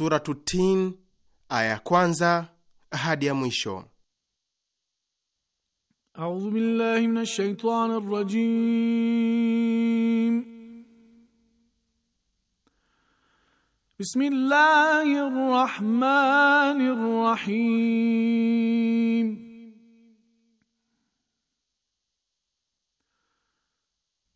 Suratu Tin aya ya kwanza hadi ya mwisho. Audhu billahi minash shaitani rajim. Bismillahir rahmanir rahim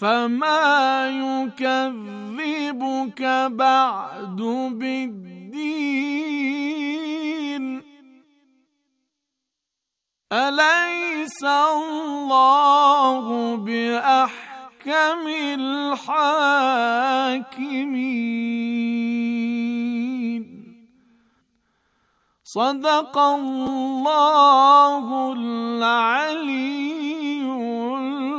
فما يكذبك بعد بالدين أليس الله بأحكم الحاكمين صدق الله العليم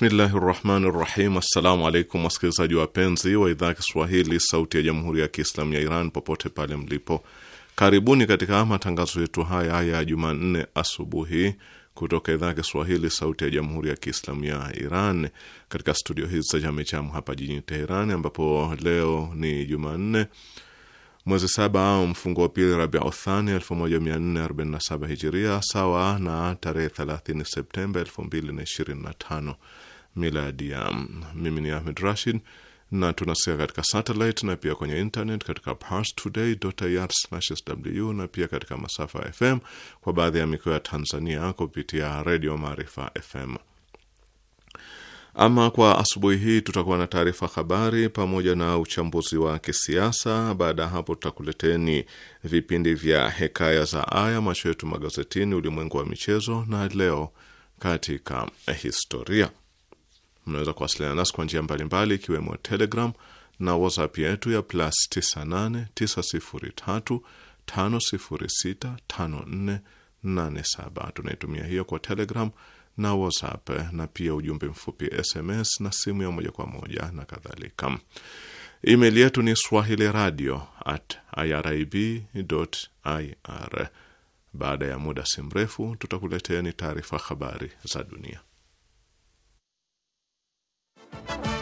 Bismillahi rahmani rahim. Assalamu alaikum wasikilizaji wapenzi wa idhaa ya Kiswahili sauti ya jamhuri ya Kiislamu ya Iran popote pale mlipo, karibuni katika matangazo yetu haya ya Jumanne asubuhi kutoka idhaa ya Kiswahili sauti ya jamhuri ya Kiislamu ya Iran katika studio hizi za Jamechamu hapa jijini Teheran, ambapo leo ni Jumanne mwezi saba mfungo wa pili Rabia Uthani 1447 hijiria sawa na tarehe 30 Septemba 2025 miladia. Mm, mimi ni Ahmed Rashid na tunasikia katika satellite na pia kwenye internet katika parstoday.ir/sw na pia katika masafa FM kwa baadhi ya mikoa ya Tanzania kupitia Redio Maarifa FM. Ama kwa asubuhi hii tutakuwa na taarifa habari pamoja na uchambuzi wa kisiasa. Baada ya hapo, tutakuleteni vipindi vya Hekaya za Aya, Macho yetu Magazetini, Ulimwengu wa Michezo na Leo katika Historia. Mnaweza kuwasiliana nasi kwa njia mbalimbali ikiwemo Telegram na WhatsApp yetu ya plus 989035065487. Tunaitumia hiyo kwa Telegram na WhatsApp na pia ujumbe mfupi SMS na simu ya moja kwa moja na kadhalika. Email yetu ni swahili radio at irib ir. Baada ya muda si mrefu tutakuleteni taarifa habari za dunia. Bye.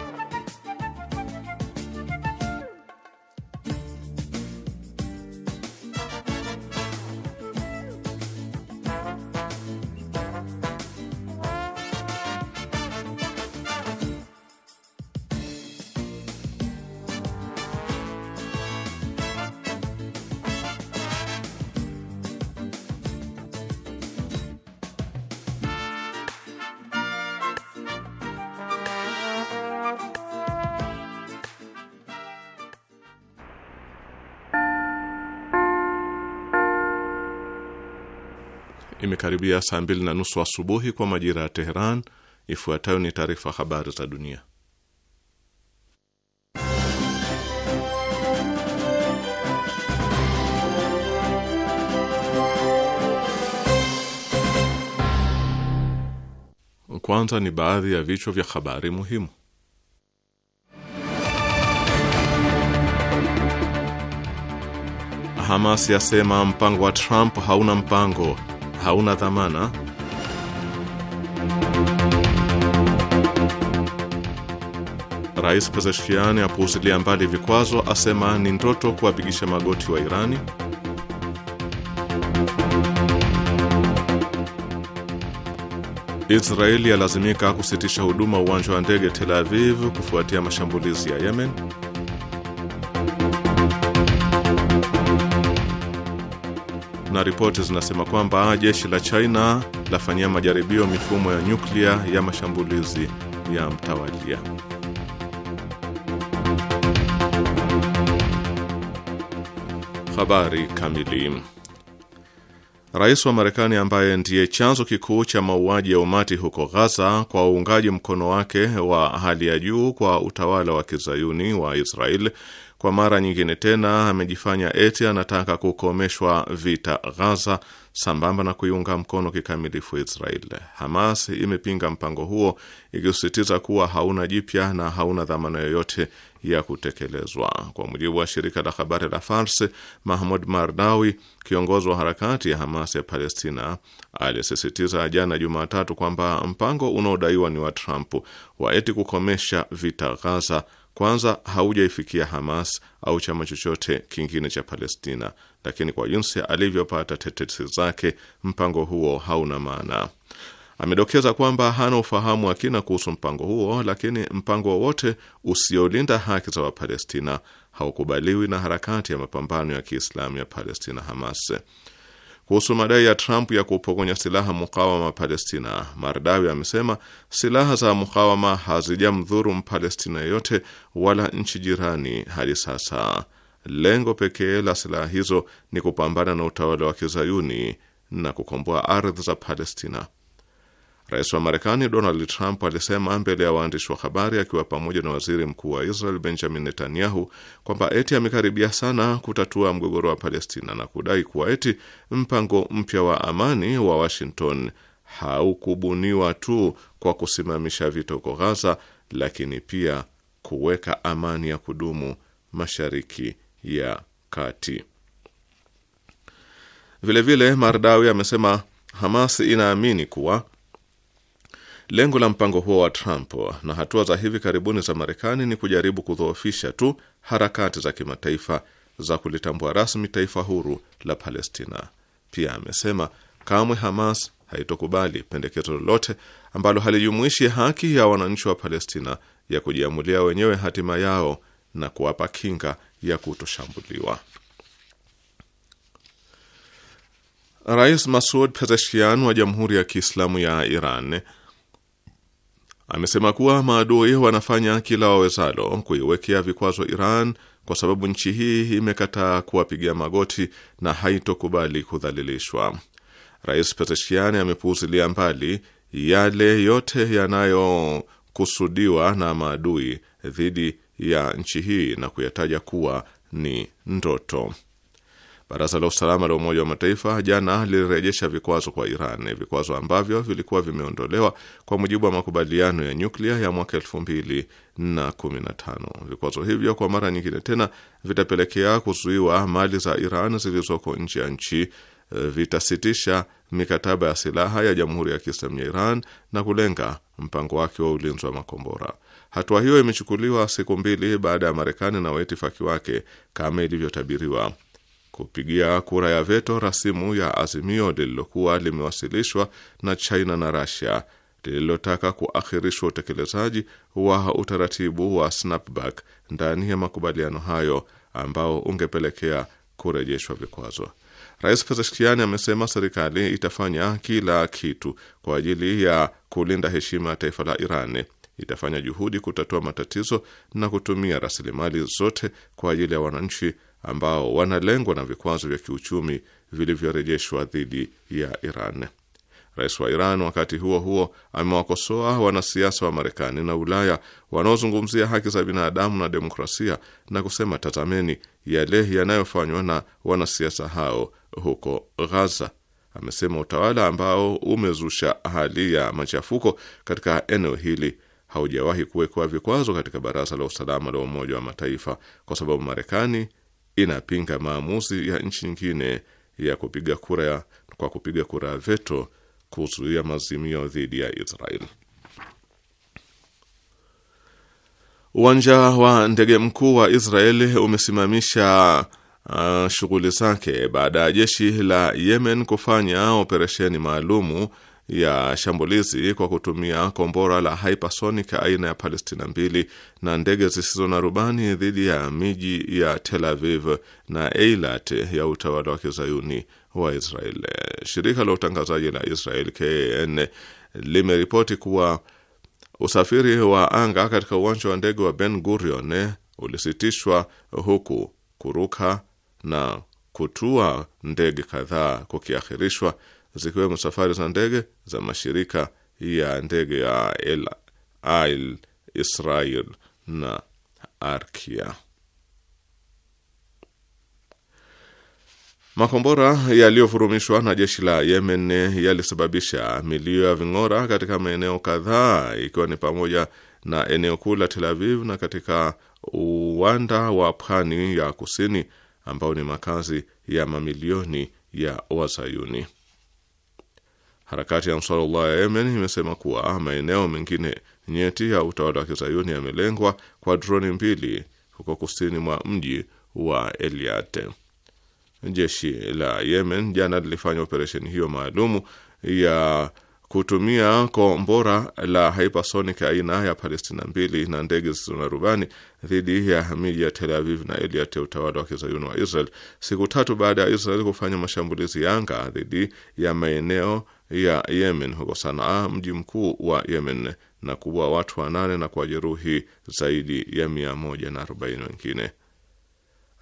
imekaribia saa mbili na nusu asubuhi kwa majira ya Teheran. Ifuatayo ni taarifa habari za dunia. Kwanza ni baadhi ya vichwa vya habari muhimu. Hamas yasema mpango wa Trump hauna mpango hauna dhamana. Rais Pezeshkian apuuzilia mbali vikwazo, asema ni ndoto kuwapigisha magoti wa Irani. Israeli yalazimika kusitisha huduma uwanja wa ndege Tel Aviv kufuatia mashambulizi ya Yemen. na ripoti zinasema kwamba jeshi la China lafanyia majaribio mifumo ya nyuklia ya mashambulizi ya mtawalia. Habari kamili. Rais wa Marekani ambaye ndiye chanzo kikuu cha mauaji ya umati huko Gaza kwa uungaji mkono wake wa hali ya juu kwa utawala wa kizayuni wa Israel kwa mara nyingine tena amejifanya eti anataka kukomeshwa vita Ghaza sambamba na kuiunga mkono kikamilifu Israel. Hamas imepinga mpango huo ikisisitiza kuwa hauna jipya na hauna dhamana yoyote ya kutekelezwa. Kwa mujibu wa shirika la habari la Fars, Mahmud Mardawi, kiongozi wa harakati ya Hamas ya Palestina, alisisitiza jana Jumatatu kwamba mpango unaodaiwa ni wa Trump wa eti kukomesha vita Ghaza kwanza haujaifikia Hamas au chama chochote kingine cha Palestina, lakini kwa jinsi alivyopata tetesi zake, mpango huo hauna maana. Amedokeza kwamba hana ufahamu wa kina kuhusu mpango huo, lakini mpango wowote usiolinda haki za Wapalestina haukubaliwi na harakati ya mapambano ya Kiislamu ya Palestina, Hamas. Kuhusu madai ya Trump ya kupokonya silaha mukawama Palestina, Mardawi amesema silaha za mukawama hazijamdhuru Mpalestina yeyote wala nchi jirani hadi sasa. Lengo pekee la silaha hizo ni kupambana na utawala wa kizayuni na kukomboa ardhi za Palestina. Rais wa Marekani Donald Trump alisema mbele ya waandishi wa habari akiwa pamoja na waziri mkuu wa Israel Benjamin Netanyahu kwamba eti amekaribia sana kutatua mgogoro wa Palestina na kudai kuwa eti mpango mpya wa amani wa Washington haukubuniwa tu kwa kusimamisha vita huko Ghaza, lakini pia kuweka amani ya kudumu Mashariki ya Kati. Vilevile Mardawi amesema Hamas inaamini kuwa Lengo la mpango huo wa Trump na hatua za hivi karibuni za Marekani ni kujaribu kudhoofisha tu harakati za kimataifa za kulitambua rasmi taifa huru la Palestina. Pia amesema kamwe Hamas haitokubali pendekezo lolote ambalo halijumuishi haki ya wananchi wa Palestina ya kujiamulia wenyewe hatima yao na kuwapa kinga ya kutoshambuliwa. Rais Masud Pezeshkian wa Jamhuri ya Kiislamu ya Iran amesema kuwa maadui wanafanya kila wawezalo kuiwekea vikwazo Iran kwa sababu nchi hii imekataa kuwapigia magoti na haitokubali kudhalilishwa. Rais Pezeshkian amepuuzilia mbali yale yote yanayokusudiwa na maadui dhidi ya nchi hii na kuyataja kuwa ni ndoto. Baraza la Usalama la Umoja wa Mataifa jana lilirejesha vikwazo kwa Iran, vikwazo ambavyo vilikuwa vimeondolewa kwa mujibu wa makubaliano ya nyuklia ya mwaka elfu mbili na kumi na tano. Vikwazo hivyo kwa mara nyingine tena vitapelekea kuzuiwa mali za Iran zilizoko nje ya nchi, eh, vitasitisha mikataba ya silaha ya Jamhuri ya Kiislamu ya Iran na kulenga mpango wake wa ulinzi wa makombora. Hatua hiyo imechukuliwa siku mbili baada ya Marekani na waitifaki wake kama ilivyotabiriwa kupigia kura ya veto rasimu ya azimio lililokuwa limewasilishwa na China na Russia lililotaka kuakhirishwa utekelezaji wa utaratibu wa snapback ndani ya makubaliano hayo ambao ungepelekea kurejeshwa vikwazo. Rais Pezeshkiani amesema serikali itafanya kila kitu kwa ajili ya kulinda heshima ya taifa la Iran, itafanya juhudi kutatua matatizo na kutumia rasilimali zote kwa ajili ya wananchi ambao wanalengwa na vikwazo vya kiuchumi vilivyorejeshwa dhidi ya Iran. Rais wa Iran wakati huo huo amewakosoa wanasiasa wa Marekani na Ulaya wanaozungumzia haki za binadamu na demokrasia na kusema, tazameni yale yanayofanywa na wanasiasa hao huko Ghaza. Amesema utawala ambao umezusha hali ya machafuko katika eneo hili haujawahi kuwekwa vikwazo katika Baraza la Usalama la Umoja wa Mataifa kwa sababu Marekani inapinga maamuzi ya nchi nyingine ya kupiga kura kwa kupiga kura ya veto kuzuia mazimio dhidi ya Israel. Uwanja wa ndege mkuu wa Israel umesimamisha uh, shughuli zake baada ya jeshi la Yemen kufanya operesheni maalumu ya shambulizi kwa kutumia kombora la hypersonic aina ya Palestina mbili na ndege zisizo na rubani dhidi ya miji ya Tel Aviv na Eilat ya utawala wa kizayuni wa Israel. Shirika la utangazaji la Israel KAN limeripoti kuwa usafiri wa anga katika uwanja wa ndege wa Ben Gurion ulisitishwa huku kuruka na kutua ndege kadhaa kukiahirishwa zikiwemo safari za ndege za mashirika ya ndege ya El Al Israel na Arkia. Makombora yaliyofurumishwa na jeshi la Yemen yalisababisha milio ya ving'ora katika maeneo kadhaa ikiwa ni pamoja na eneo kuu la Tel Aviv na katika uwanda wa pwani ya kusini ambao ni makazi ya mamilioni ya Wazayuni. Harakati ya Ansarullah ya Yemen imesema kuwa maeneo mengine nyeti ya utawala wa kizayuni yamelengwa kwa droni mbili huko kusini mwa mji wa Eliat. Jeshi la Yemen jana lilifanya operesheni hiyo maalumu ya kutumia kombora la hypersonic aina ya Palestina mbili na ndege zisizo na rubani dhidi ya miji ya Tel Aviv na Eliat ya utawala wa kizayuni wa Israel siku tatu baada ya Israel kufanya mashambulizi ya anga dhidi ya maeneo ya Yemen huko Sanaa, mji mkuu wa Yemen, na kuua watu wanane na jeruhi zaidi ya mia moja na arobaini wengine.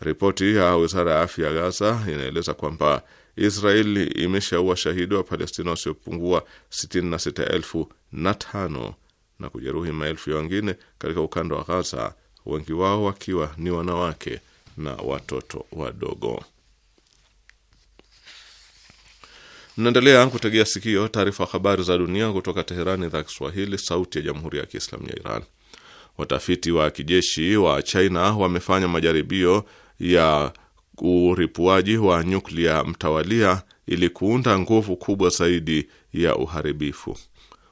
Ripoti ya wizara ya afya ya Gaza inaeleza kwamba Israel imeshaua shahidi wa Palestina wasiopungua 66,005 na kujeruhi maelfu ya wengine katika ukanda wa Gaza, wengi wao wakiwa ni wanawake na watoto wadogo. Mnaendelea kutegea sikio taarifa habari za dunia kutoka Teherani, idhaa Kiswahili, sauti ya jamhuri ya kiislamu ya Iran. Watafiti wa kijeshi wa China wamefanya majaribio ya uripuaji wa nyuklia mtawalia ili kuunda nguvu kubwa zaidi ya uharibifu.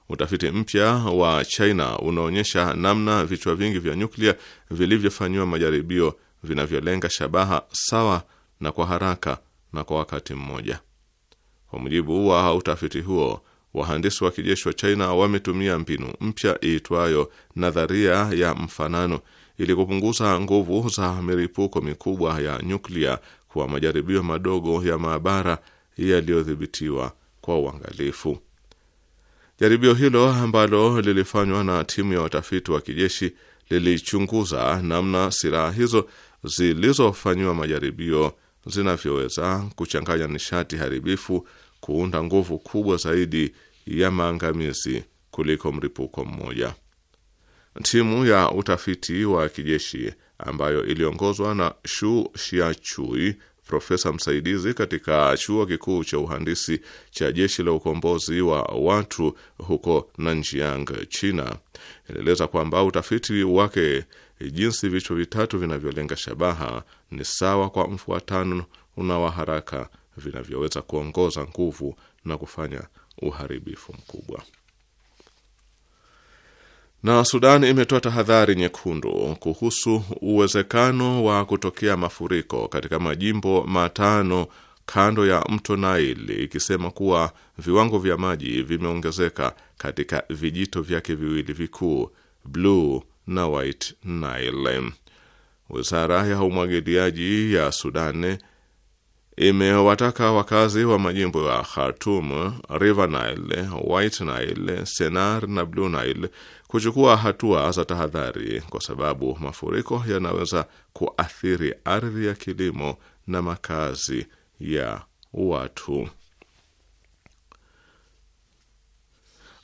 Utafiti mpya wa China unaonyesha namna vichwa vingi vya nyuklia vilivyofanyiwa majaribio vinavyolenga shabaha sawa na kwa haraka na kwa wakati mmoja. Kwa mujibu wa utafiti huo, wahandisi wa kijeshi wa China wametumia mbinu mpya iitwayo nadharia ya mfanano ili kupunguza nguvu za milipuko mikubwa ya nyuklia kwa majaribio madogo ya maabara yaliyodhibitiwa kwa uangalifu. Jaribio hilo ambalo lilifanywa na timu ya watafiti wa kijeshi lilichunguza namna silaha hizo zilizofanyiwa majaribio zinavyoweza kuchanganya nishati haribifu kuunda nguvu kubwa zaidi ya maangamizi kuliko mlipuko mmoja. Timu ya utafiti wa kijeshi ambayo iliongozwa na Shu Shiachui, profesa msaidizi katika chuo kikuu cha uhandisi cha jeshi la ukombozi wa watu huko Nanjiang, China, ilieleza kwamba utafiti wake jinsi vichwa vitatu vinavyolenga shabaha ni sawa kwa mfuatano na wa haraka vinavyoweza kuongoza nguvu na kufanya uharibifu mkubwa. Na Sudan imetoa tahadhari nyekundu kuhusu uwezekano wa kutokea mafuriko katika majimbo matano kando ya mto Nile, ikisema kuwa viwango vya maji vimeongezeka katika vijito vyake viwili vikuu, Blue na White Nile. Wizara ya umwagiliaji ya Sudan imewataka wakazi wa majimbo ya Khartoum, River Nile, White Nile, Senar na Blue Nile kuchukua hatua za tahadhari kwa sababu mafuriko yanaweza kuathiri ardhi ya kilimo na makazi ya watu.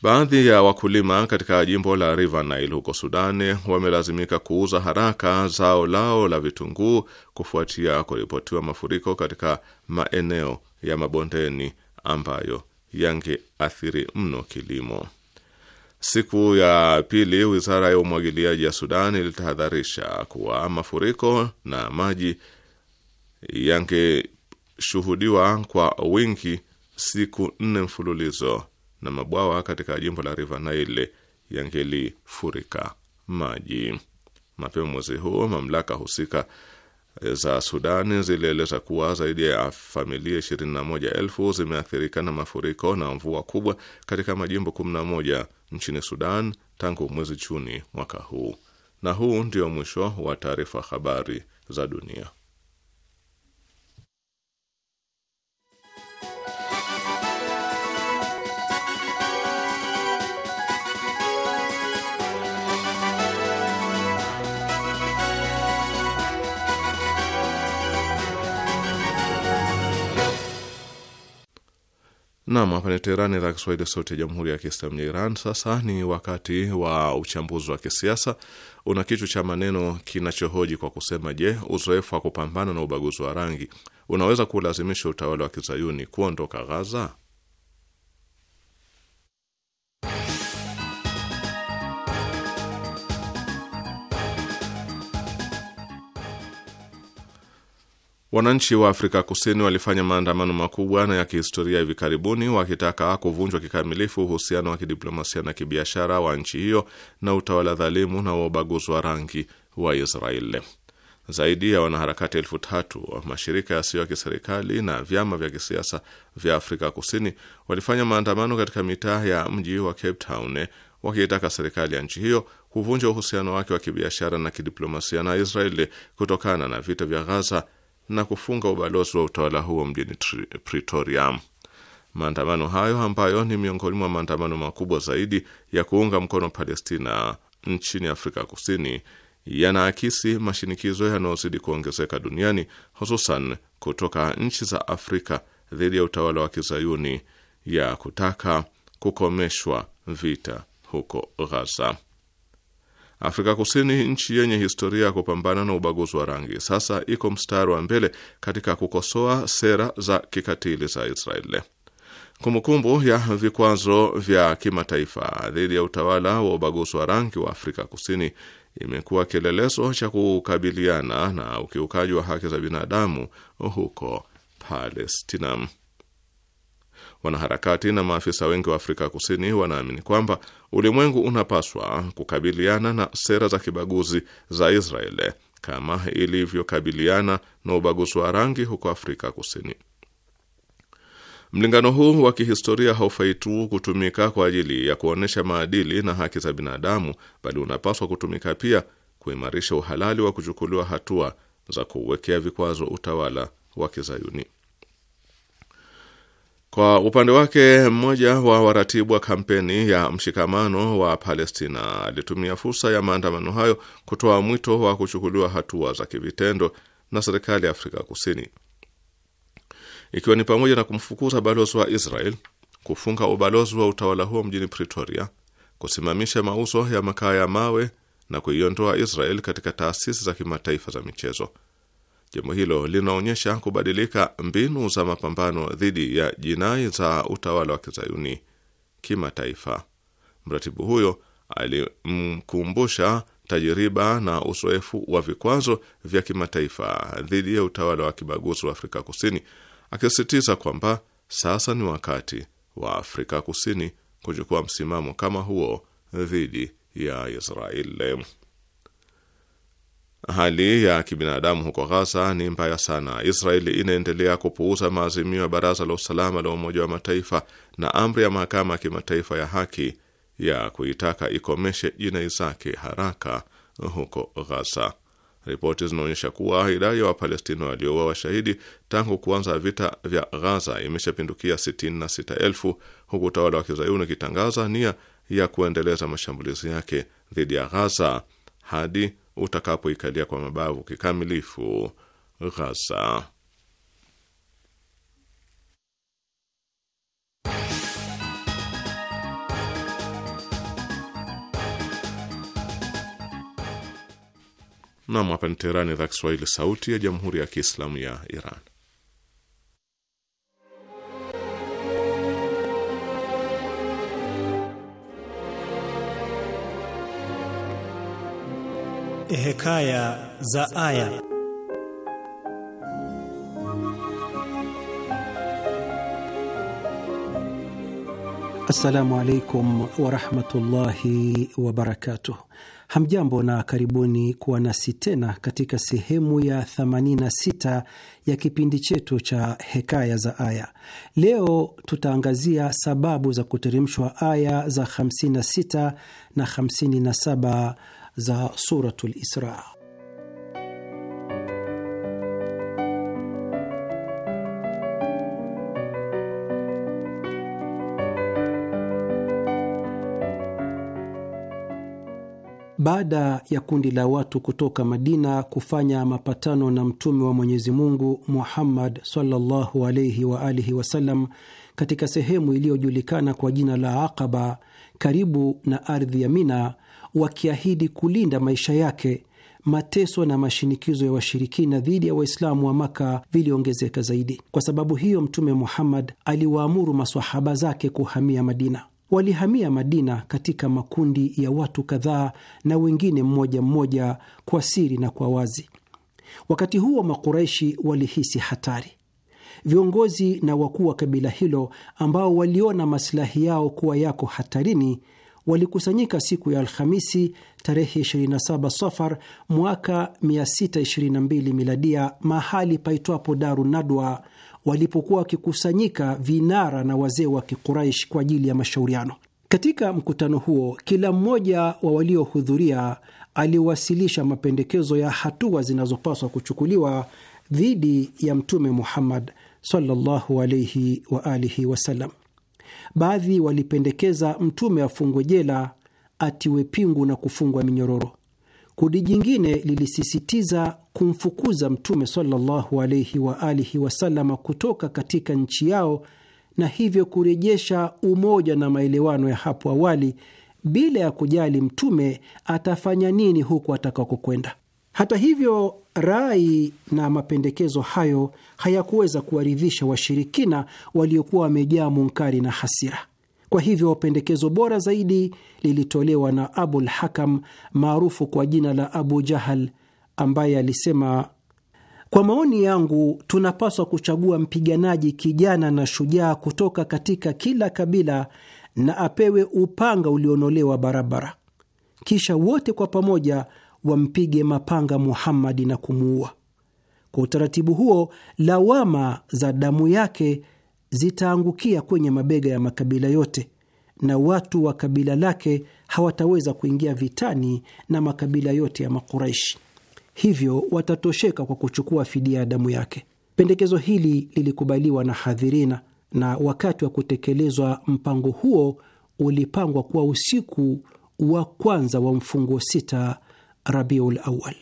Baadhi ya wakulima katika jimbo la River Nile huko Sudani wamelazimika kuuza haraka zao lao la vitunguu kufuatia kuripotiwa mafuriko katika maeneo ya mabondeni ambayo yangeathiri mno kilimo. Siku ya pili, wizara ya umwagiliaji ya Sudan ilitahadharisha kuwa mafuriko na maji yangeshuhudiwa kwa wingi siku nne mfululizo na mabwawa katika jimbo la River Nile yangelifurika maji. Mapema mwezi huu mamlaka husika eh, za Sudani zilieleza kuwa zaidi ya familia 21,000 zimeathirika na mafuriko na mvua kubwa katika majimbo 11 nchini Sudan tangu mwezi Juni mwaka huu. Na huu ndio mwisho wa taarifa habari za dunia. Nam, hapa ni Teheran, idhaa Kiswahili, sauti ya jamhuri ya kiislamu ya Iran. Sasa ni wakati wa uchambuzi wa kisiasa, una kichwa cha maneno kinachohoji kwa kusema: Je, uzoefu wa kupambana na ubaguzi wa rangi unaweza kuulazimisha utawala wa kizayuni kuondoka Ghaza? Wananchi wa Afrika Kusini walifanya maandamano makubwa na ya kihistoria hivi karibuni wakitaka kuvunjwa kikamilifu uhusiano wa kidiplomasia na kibiashara wa nchi hiyo na utawala dhalimu na wa ubaguzi wa rangi wa Israeli. Zaidi ya wanaharakati elfu tatu wa mashirika yasiyo ya kiserikali na vyama vya kisiasa vya Afrika Kusini walifanya maandamano katika mitaa ya mji wa Cape Town wakiitaka serikali ya nchi hiyo kuvunja uhusiano wake wa kibiashara na kidiplomasia na Israeli kutokana na vita vya Ghaza na kufunga ubalozi wa utawala huo mjini Pretoria. Maandamano hayo ambayo ni miongoni mwa maandamano makubwa zaidi ya kuunga mkono Palestina nchini Afrika Kusini yanaakisi mashinikizo yanayozidi kuongezeka duniani, hususan kutoka nchi za Afrika dhidi ya utawala wa kizayuni ya kutaka kukomeshwa vita huko Ghaza. Afrika Kusini, nchi yenye historia ya kupambana na ubaguzi wa rangi, sasa iko mstari wa mbele katika kukosoa sera za kikatili za Israeli. Kumbukumbu ya vikwazo vya kimataifa dhidi ya utawala wa ubaguzi wa rangi wa Afrika Kusini imekuwa kielelezo cha kukabiliana na ukiukaji wa haki za binadamu huko Palestina. Wanaharakati na maafisa wengi wa Afrika Kusini wanaamini kwamba ulimwengu unapaswa kukabiliana na sera za kibaguzi za Israeli kama ilivyokabiliana na ubaguzi wa rangi huko Afrika Kusini. Mlingano huu wa kihistoria haufai tu kutumika kwa ajili ya kuonyesha maadili na haki za binadamu, bali unapaswa kutumika pia kuimarisha uhalali wa kuchukuliwa hatua za kuuwekea vikwazo utawala wa Kizayuni. Kwa upande wake mmoja wa waratibu wa kampeni ya mshikamano wa Palestina alitumia fursa ya maandamano hayo kutoa mwito wa kuchukuliwa hatua za kivitendo na serikali ya Afrika Kusini, ikiwa ni pamoja na kumfukuza balozi wa Israel, kufunga ubalozi wa utawala huo mjini Pretoria, kusimamisha mauzo ya makaa ya mawe na kuiondoa Israel katika taasisi za kimataifa za michezo. Jambo hilo linaonyesha kubadilika mbinu za mapambano dhidi ya jinai za utawala wa kizayuni kimataifa. Mratibu huyo alimkumbusha tajiriba na uzoefu wa vikwazo vya kimataifa dhidi ya utawala wa kibaguzi wa Afrika Kusini, akisisitiza kwamba sasa ni wakati wa Afrika Kusini kuchukua msimamo kama huo dhidi ya Israeli. Hali ya kibinadamu huko Ghaza ni mbaya sana. Israeli inaendelea kupuuza maazimio ya Baraza la Usalama la Umoja wa Mataifa na amri ya Mahakama ya Kimataifa ya Haki ya kuitaka ikomeshe jinai zake haraka huko Ghaza. Ripoti zinaonyesha kuwa idadi ya Wapalestina waliouawa washahidi tangu kuanza vita vya Ghaza imeshapindukia 66,000 huku utawala wa kizayuni ukitangaza nia ya kuendeleza mashambulizi yake dhidi ya Ghaza hadi utakapoikalia kwa mabavu kikamilifu Ghaza. Nam, hapa ni Teherani, idhaa Kiswahili, sauti ya jamhuri ya kiislamu ya Iran. Hekaya za Aya. Assalamu alaikum warahmatullahi wabarakatuh. Hamjambo na karibuni kuwa nasi tena katika sehemu ya 86 ya kipindi chetu cha Hekaya za Aya. Leo tutaangazia sababu za kuteremshwa aya za 56 na 57 za Suratul Isra. Baada ya kundi la watu kutoka Madina kufanya mapatano na mtume wa Mwenyezi Mungu Muhammad sallallahu wa alihi wasallam katika sehemu iliyojulikana kwa jina la Aqaba karibu na ardhi ya Mina, wakiahidi kulinda maisha yake, mateso na mashinikizo ya washirikina dhidi ya Waislamu wa Maka viliongezeka zaidi. Kwa sababu hiyo, Mtume Muhammad aliwaamuru masahaba zake kuhamia Madina. Walihamia Madina katika makundi ya watu kadhaa na wengine mmoja mmoja, kwa siri na kwa wazi. Wakati huo Makuraishi walihisi hatari. Viongozi na wakuu wa kabila hilo ambao waliona masilahi yao kuwa yako hatarini walikusanyika siku ya Alhamisi tarehe 27 Safar mwaka 622 miladia mahali paitwapo Daru Nadwa walipokuwa wakikusanyika vinara na wazee wa Kiquraish kwa ajili ya mashauriano. Katika mkutano huo, kila mmoja wa waliohudhuria aliwasilisha mapendekezo ya hatua zinazopaswa kuchukuliwa dhidi ya Mtume Muhammad sallallahu alaihi wa alihi wasallam baadhi walipendekeza Mtume afungwe jela, atiwe pingu na kufungwa minyororo. Kundi jingine lilisisitiza kumfukuza Mtume sallallahu alaihi wa alihi kutoka katika nchi yao na hivyo kurejesha umoja na maelewano ya hapo awali bila ya kujali Mtume atafanya nini huku atakakokwenda. Hata hivyo, rai na mapendekezo hayo hayakuweza kuwaridhisha washirikina waliokuwa wamejaa munkari na hasira. Kwa hivyo pendekezo bora zaidi lilitolewa na Abul Hakam maarufu kwa jina la Abu Jahal, ambaye alisema, kwa maoni yangu, tunapaswa kuchagua mpiganaji kijana na shujaa kutoka katika kila kabila na apewe upanga ulionolewa barabara, kisha wote kwa pamoja wampige mapanga Muhammadi na kumuua. Kwa utaratibu huo, lawama za damu yake zitaangukia kwenye mabega ya makabila yote na watu wa kabila lake hawataweza kuingia vitani na makabila yote ya Makuraishi, hivyo watatosheka kwa kuchukua fidia ya damu yake. Pendekezo hili lilikubaliwa na hadhirina, na wakati wa kutekelezwa mpango huo ulipangwa kuwa usiku wa kwanza wa mfunguo sita Rabiul Awal.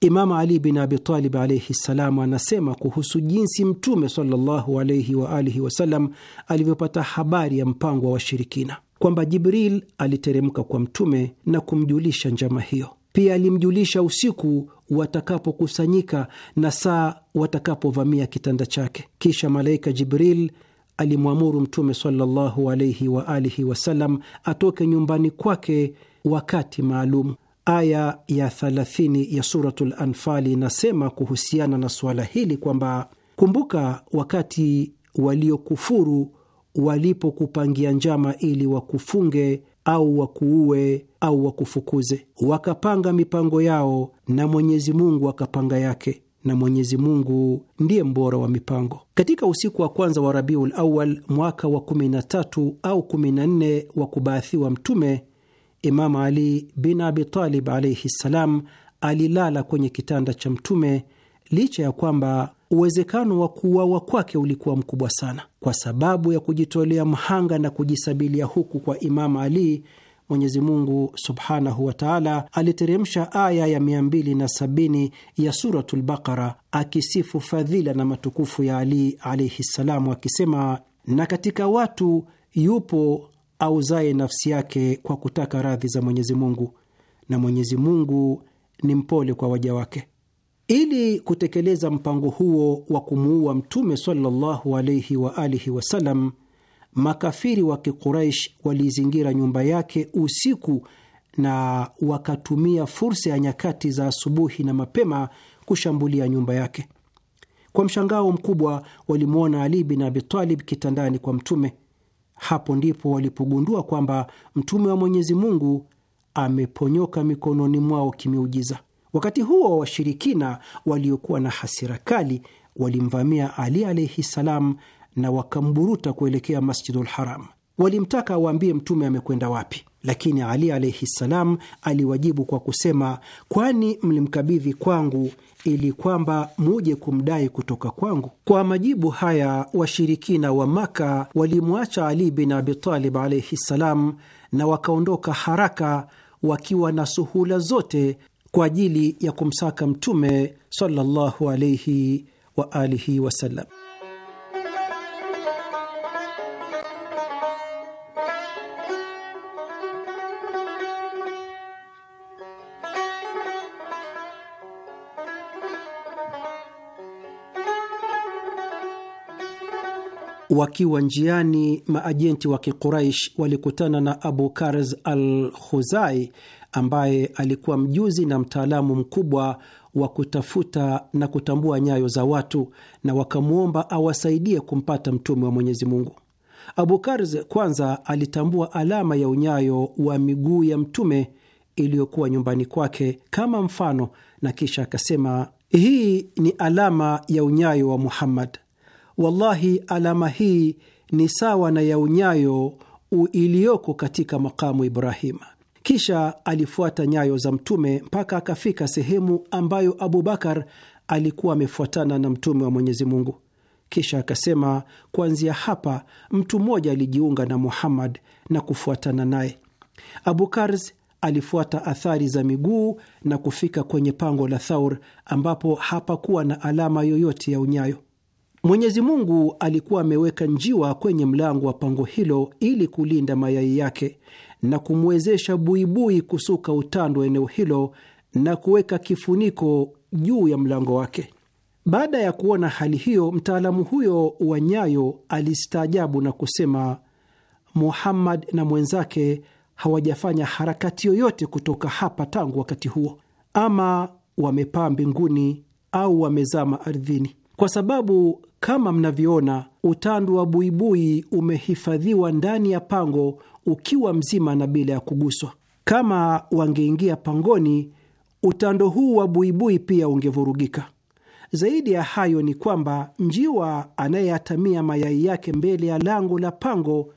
Imamu Ali bin Abitalib alaihi ssalam anasema kuhusu jinsi Mtume sallallahu alaihi wasallam alivyopata habari ya mpango wa washirikina kwamba Jibril aliteremka kwa Mtume na kumjulisha njama hiyo. Pia alimjulisha usiku watakapokusanyika na saa watakapovamia kitanda chake. Kisha malaika Jibril alimwamuru Mtume sallallahu alaihi wasallam atoke nyumbani kwake wakati maalum aya ya 30 ya Suratul Anfali inasema kuhusiana na suala hili kwamba kumbuka wakati waliokufuru walipokupangia njama ili wakufunge au wakuue au wakufukuze, wakapanga mipango yao, na Mwenyezi Mungu akapanga yake, na Mwenyezi Mungu ndiye mbora wa mipango. Katika usiku wa kwanza wa Rabiul Awal mwaka wa 13 au 14 wa kubaathiwa Mtume Imam Ali bin Abi Talib alaihi ssalam alilala kwenye kitanda cha Mtume licha ya kwamba uwezekano wa kuuawa kwake ulikuwa mkubwa sana. Kwa sababu ya kujitolea mhanga na kujisabilia huku kwa Imam Ali, Mwenyezi Mungu subhanahu wa taala aliteremsha aya ya 270 ya Suratul Baqara akisifu fadhila na matukufu ya Ali alaihi ssalam akisema, na katika watu yupo auzaye nafsi yake kwa kutaka radhi za Mwenyezi Mungu, na Mwenyezi Mungu ni mpole kwa waja wake. Ili kutekeleza mpango huo wa kumuua Mtume sallallahu alaihi wa alihi wasallam, makafiri wa Kiquraish waliizingira nyumba yake usiku na wakatumia fursa ya nyakati za asubuhi na mapema kushambulia nyumba yake. Kwa mshangao mkubwa, walimwona Ali bin Abi Talib kitandani kwa Mtume. Hapo ndipo walipogundua kwamba mtume wa Mwenyezi Mungu ameponyoka mikononi mwao kimeujiza. Wakati huo washirikina waliokuwa na hasira kali walimvamia Ali alaihi salam na wakamburuta kuelekea Masjidul Haram. Walimtaka awaambie mtume amekwenda wapi, lakini Ali alaihi ssalam aliwajibu kwa kusema, kwani mlimkabidhi kwangu ili kwamba muje kumdai kutoka kwangu? Kwa majibu haya, washirikina wa Maka walimwacha Ali bin Abitalib alaihi ssalam na wakaondoka haraka wakiwa na suhula zote kwa ajili ya kumsaka mtume sallallahu alaihi wa alihi wasallam. Wakiwa njiani, maajenti wa Kiquraish walikutana na Abu Karz al Khuzai ambaye alikuwa mjuzi na mtaalamu mkubwa wa kutafuta na kutambua nyayo za watu, na wakamwomba awasaidie kumpata mtume wa Mwenyezi Mungu. Abu Karz kwanza alitambua alama ya unyayo wa miguu ya mtume iliyokuwa nyumbani kwake kama mfano, na kisha akasema, hii ni alama ya unyayo wa Muhammad. Wallahi, alama hii ni sawa na ya unyayo iliyoko katika makamu Ibrahima. Kisha alifuata nyayo za Mtume mpaka akafika sehemu ambayo Abubakar alikuwa amefuatana na Mtume wa Mwenyezi Mungu. Kisha akasema, kuanzia hapa mtu mmoja alijiunga na Muhammad na kufuatana naye. abu karz alifuata athari za miguu na kufika kwenye pango la Thaur ambapo hapakuwa na alama yoyote ya unyayo. Mwenyezi Mungu alikuwa ameweka njiwa kwenye mlango wa pango hilo ili kulinda mayai yake na kumwezesha buibui kusuka utando wa eneo hilo na kuweka kifuniko juu ya mlango wake. Baada ya kuona hali hiyo, mtaalamu huyo wa nyayo alistaajabu na kusema, Muhammad na mwenzake hawajafanya harakati yoyote kutoka hapa tangu wakati huo, ama wamepaa mbinguni au wamezama ardhini, kwa sababu kama mnavyoona, utandu wa buibui umehifadhiwa ndani ya pango ukiwa mzima na bila ya kuguswa. Kama wangeingia pangoni, utando huu wa buibui pia ungevurugika. Zaidi ya hayo ni kwamba njiwa anayeatamia mayai yake mbele ya lango la pango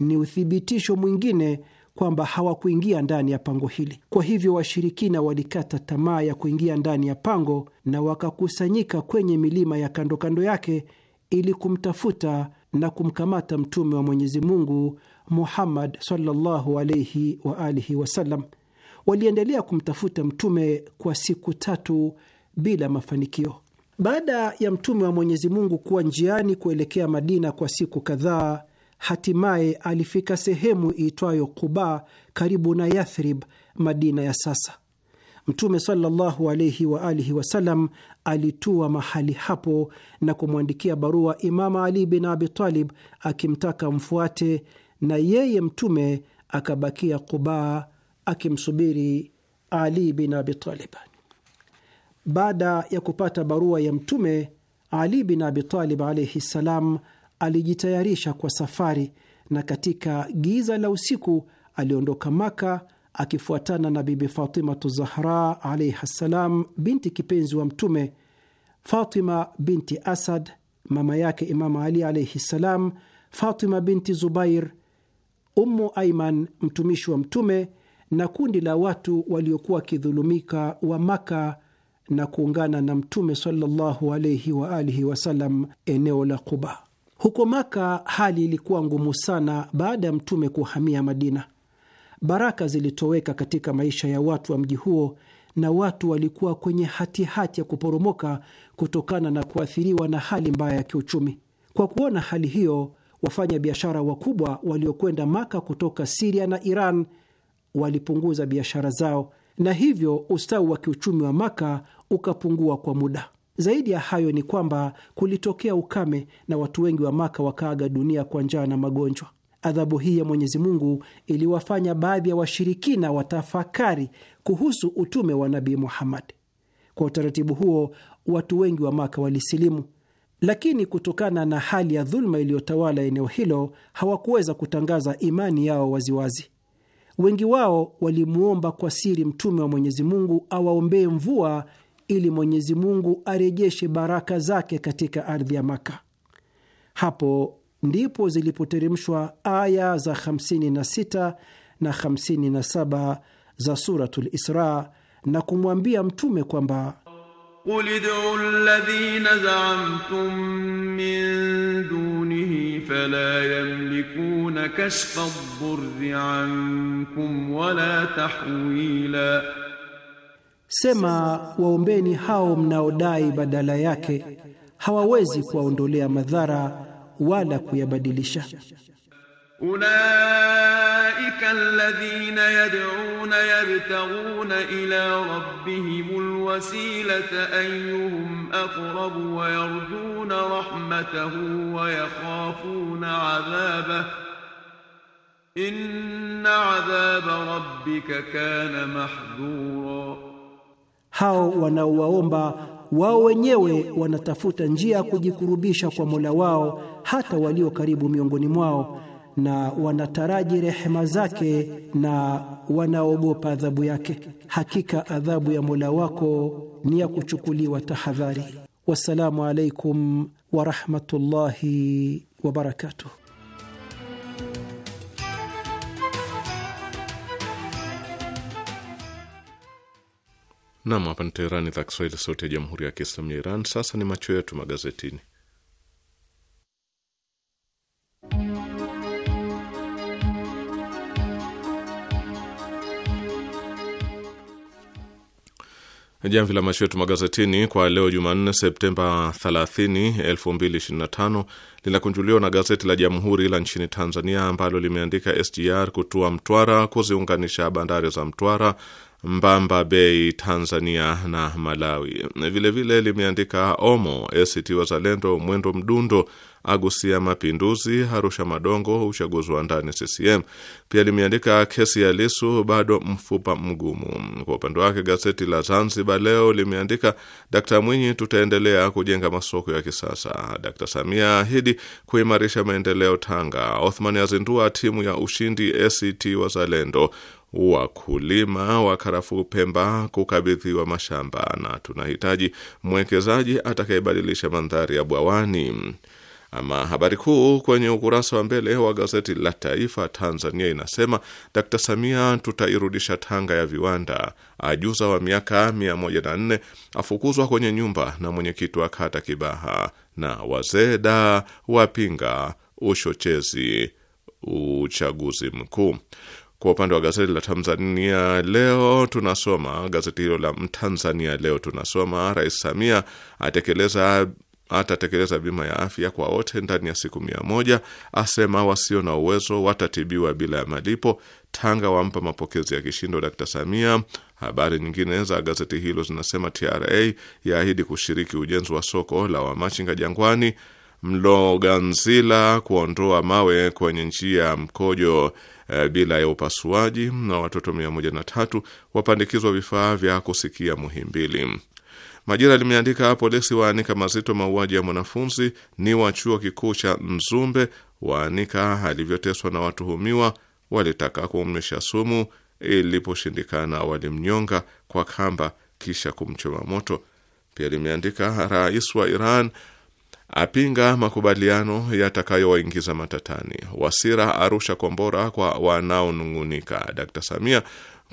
ni uthibitisho mwingine kwamba hawakuingia ndani ya pango hili. Kwa hivyo washirikina walikata tamaa ya kuingia ndani ya pango na wakakusanyika kwenye milima ya kando kando yake ili kumtafuta na kumkamata Mtume wa Mwenyezi Mungu Muhammad sallallahu alayhi wa alihi wasallam. Waliendelea kumtafuta Mtume kwa siku tatu bila mafanikio. Baada ya Mtume wa Mwenyezi Mungu kuwa njiani kuelekea Madina kwa siku kadhaa hatimaye alifika sehemu iitwayo Quba karibu na Yathrib, Madina ya sasa. Mtume sallallahu alayhi wa alihi wasallam alitua mahali hapo na kumwandikia barua Imama Ali bin Abi Talib akimtaka mfuate, na yeye Mtume akabakia Quba akimsubiri Ali bin Abi Talib. Baada ya kupata barua ya Mtume, Ali bin Abi Talib alayhi ssalam alijitayarisha kwa safari, na katika giza la usiku aliondoka Maka akifuatana na Bibi Fatimatu Zahra alaihi ssalam, binti kipenzi wa Mtume. Fatima binti Asad, mama yake Imamu Ali alaihi ssalam, Fatima binti Zubair, Ummu Aiman, mtumishi wa Mtume, na kundi la watu waliokuwa wakidhulumika wa Maka na kuungana na Mtume sallallahu alaihi waalihi wasalam eneo la Quba. Huko Maka hali ilikuwa ngumu sana baada ya mtume kuhamia Madina. Baraka zilitoweka katika maisha ya watu wa mji huo na watu walikuwa kwenye hatihati hati ya kuporomoka kutokana na kuathiriwa na hali mbaya ya kiuchumi. Kwa kuona hali hiyo, wafanya biashara wakubwa waliokwenda Maka kutoka Siria na Iran walipunguza biashara zao na hivyo ustawi wa kiuchumi wa Maka ukapungua kwa muda. Zaidi ya hayo ni kwamba kulitokea ukame na watu wengi wa Maka wakaaga dunia kwa njaa na magonjwa. Adhabu hii ya Mwenyezi Mungu iliwafanya baadhi ya washirikina watafakari kuhusu utume wa Nabii Muhammad. Kwa utaratibu huo, watu wengi wa Maka walisilimu, lakini kutokana na hali ya dhuluma iliyotawala eneo hilo hawakuweza kutangaza imani yao waziwazi. Wengi wao walimuomba kwa siri Mtume wa Mwenyezi Mungu awaombee mvua ili Mwenyezi Mungu arejeshe baraka zake katika ardhi ya Maka. Hapo ndipo zilipoteremshwa aya za 56 na 57 za Suratul Isra na kumwambia Mtume kwamba Qul id'u alladhina za'amtum min dunihi fala yamlikuna kashfa ad-durri 'ankum wala tahwila Sema, waombeni hao mnaodai badala yake, hawawezi kuwaondolea madhara wala kuyabadilisha. Ulaika alladhina yad'una yabtaghuna ila rabbihimul wasilata ayyuhum aqrabu wa yarjuna rahmatahu wa yakhafuna 'adhabahu inna 'adhaba rabbika kana mahdhura Hao wanaowaomba wao wenyewe wanatafuta njia ya kujikurubisha kwa Mola wao, hata walio karibu miongoni mwao, na wanataraji rehema zake na wanaogopa adhabu yake. Hakika adhabu ya Mola wako ni ya kuchukuliwa tahadhari. Wassalamu alaikum warahmatullahi wabarakatuh. Nam, hapa ni Teherani, idhaa Kiswahili, sauti ya jamhuri ya kiislamu ya Iran. Sasa ni macho yetu magazetini. Jamvi la macho yetu magazetini kwa leo Jumanne, Septemba 30, 2025 linakunjuliwa na gazeti la Jamhuri la nchini Tanzania ambalo limeandika SGR kutua Mtwara kuziunganisha bandari za Mtwara Mbamba Bay Tanzania na Malawi. Vilevile vile limeandika Omo, ACT Wazalendo mwendo mdundo agusia mapinduzi Arusha madongo uchaguzi wa ndani CCM. Pia limeandika kesi ya Lisu bado mfupa mgumu. Kwa upande wake gazeti la Zanzibar Leo limeandika Dkt Mwinyi, tutaendelea kujenga masoko ya kisasa. Dkt Samia ahidi kuimarisha maendeleo Tanga. Othman azindua timu ya ushindi ACT Wazalendo wakulima wa karafuu Pemba kukabidhiwa mashamba, na tunahitaji mwekezaji atakayebadilisha mandhari ya bwawani. Ama habari kuu kwenye ukurasa wa mbele wa gazeti la Taifa Tanzania inasema Dkt Samia, tutairudisha Tanga ya viwanda. Ajuza wa miaka 104 afukuzwa kwenye nyumba na mwenyekiti wa kata Kibaha, na wazee da wapinga uchochezi uchaguzi mkuu. Kwa upande wa gazeti la Tanzania Leo tunasoma gazeti hilo la Tanzania Leo tunasoma, Rais Samia atekeleza atatekeleza bima ya afya kwa wote ndani ya siku mia moja, asema wasio na uwezo watatibiwa bila ya malipo. Tanga wampa mapokezi ya kishindo Dkt. Samia. Habari nyingine za gazeti hilo zinasema TRA yaahidi kushiriki ujenzi wa soko la wamachinga Jangwani, Mloganzila kuondoa mawe kwenye njia mkojo e, bila ya upasuaji na watoto mia moja na tatu wapandikizwa vifaa vya kusikia Muhimbili. Majira limeandika polisi waanika mazito mauaji ya mwanafunzi ni wa chuo kikuu cha Mzumbe, waanika alivyoteswa na watuhumiwa walitaka kumnywesha sumu, iliposhindikana walimnyonga kwa kamba kisha kumchoma moto. Pia limeandika rais wa Iran apinga makubaliano yatakayowaingiza matatani. Wasira arusha kombora kwa wanaonung'unika. Dkt Samia